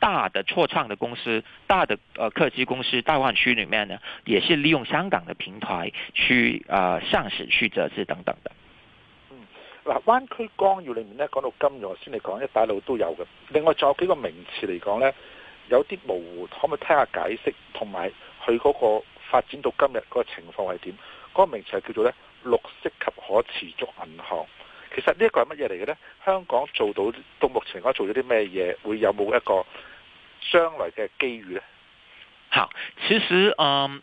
大的初創的公司，大的呃科技公司，大灣區裏面呢，也是利用香港的平台去啊、呃、上市、去融資等等的。嗯，嗱，灣區光耀裏面呢，講到金融先嚟講，一帶路都有嘅。另外仲有幾個名詞嚟講呢，有啲模糊，可唔可以聽下解釋？同埋佢嗰個發展到今日嗰個情況係點？嗰、那個名詞係叫做呢綠色及可持續銀行。其實呢一個係乜嘢嚟嘅呢？香港做到到目前講做咗啲咩嘢？會有冇一個？將來嘅機遇咧，好，其實嗯、呃，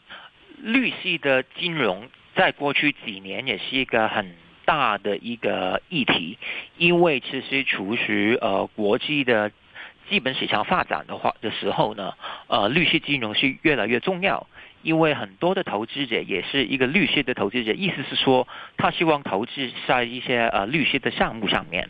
綠色的金融在過去幾年也是一個很大的一個議題，因為其實除去呃國際的基本市場發展的話的時候呢，呃，綠色金融是越來越重要，因為很多的投資者也是一個綠色的投資者，意思是說，他希望投資在一些呃綠色的項目上面。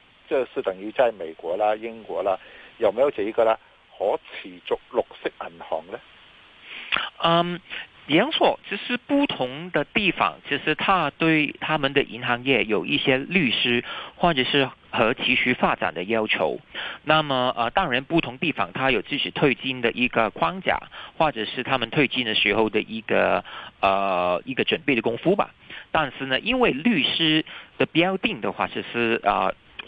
這是等於，在美國啦、英國啦，有沒有這一個啦，可持續綠色銀行呢？嗯、um，冇錯，其實不同的地方其實它對他們的銀行業有一些律師或者是和持續發展的要求。那麼呃當然不同地方它有自己推進的一個框架，或者是他們推進的時候的一個呃一個準備的功夫吧。但是呢，因為律師的標定的話，其實啊。呃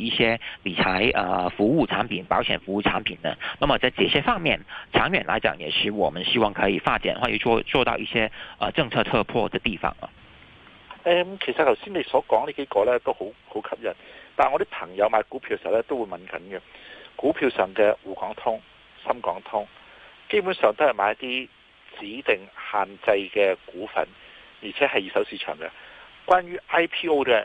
一些理財啊服務產品、保險服務產品呢？那麼在這些方面，長遠來講，也是我們希望可以發展或者做做到一些啊政策突破的地方啊。其實頭先你所講呢幾個呢都好好吸引，但係我啲朋友買股票嘅時候呢都會敏感嘅，股票上嘅滬港通、深港通，基本上都係買一啲指定限制嘅股份，而且係二手市場嘅。關於 IPO 嘅。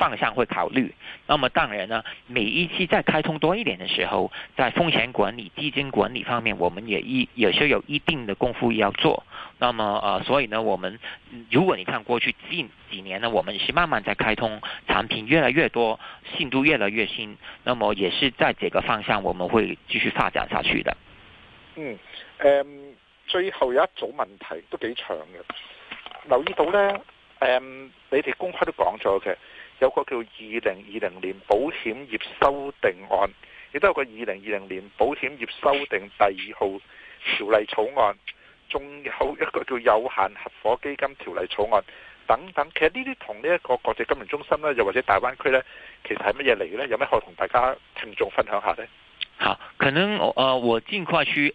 方向會考慮，那麼當然呢，每一期再開通多一點的時候，在風險管理、基金管理方面，我們也一也是有一定的功夫要做。那麼呃，所以呢，我們如果你看過去近幾，幾年呢，我們是慢慢在開通產品越來越多，信度越來越新，那麼也是在這個方向我們會繼續發展下去的。嗯，誒、嗯，最後有一組問題都幾長嘅，留意到呢，誒、嗯，你哋公開都講咗嘅。有個叫二零二零年保險業修訂案，亦都有個二零二零年保險業修訂第二號條例草案，仲有一個叫有限合伙基金條例草案等等。其實呢啲同呢一個國際金融中心咧，又或者大灣區咧，其實係乜嘢嚟呢？有咩可同大家聽眾分享下呢？嚇，可能、呃、我誒我盡快去。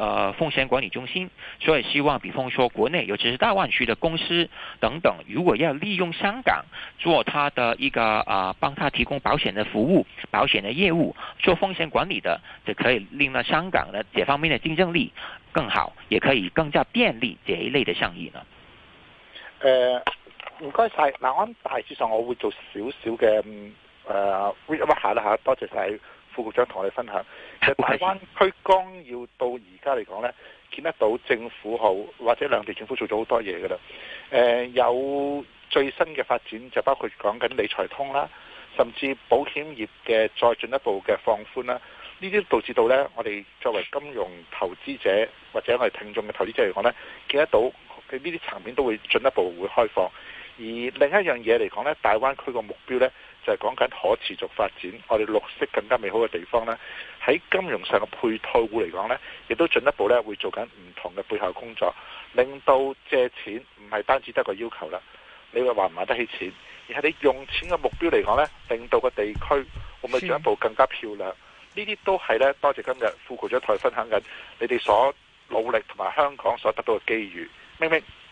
呃，風險管理中心，所以希望，比方說，國內尤其是大灣區的公司等等，如果要利用香港做它的一個啊，幫、呃、它提供保險的服務、保險的業務，做風險管理的，就可以令到香港的這方面的競爭力更好，也可以更加便利這一類的生意呢。呃，唔該晒。嗱，我大致上我會做少少嘅誒，多、呃、謝曬。副局長同我哋分享，其實大灣區剛要到而家嚟講呢，見得到政府好，或者兩地政府做咗好多嘢噶啦。誒，有最新嘅發展就包括講緊理財通啦，甚至保險業嘅再進一步嘅放寬啦。呢啲導致到呢，我哋作為金融投資者或者我哋聽眾嘅投資者嚟講呢，見得到佢呢啲層面都會進一步會開放。而另一樣嘢嚟講呢，大灣區個目標呢，就係、是、講緊可持續發展，我哋綠色更加美好嘅地方呢，喺金融上嘅配套股嚟講呢，亦都進一步呢會做緊唔同嘅背後工作，令到借錢唔係單止得個要求啦，你會還唔得起錢，而係你用錢嘅目標嚟講呢，令到個地區會唔會進一步更加漂亮？呢啲都係呢，多謝今日副局長台分享緊你哋所努力同埋香港所得到嘅機遇，明唔明？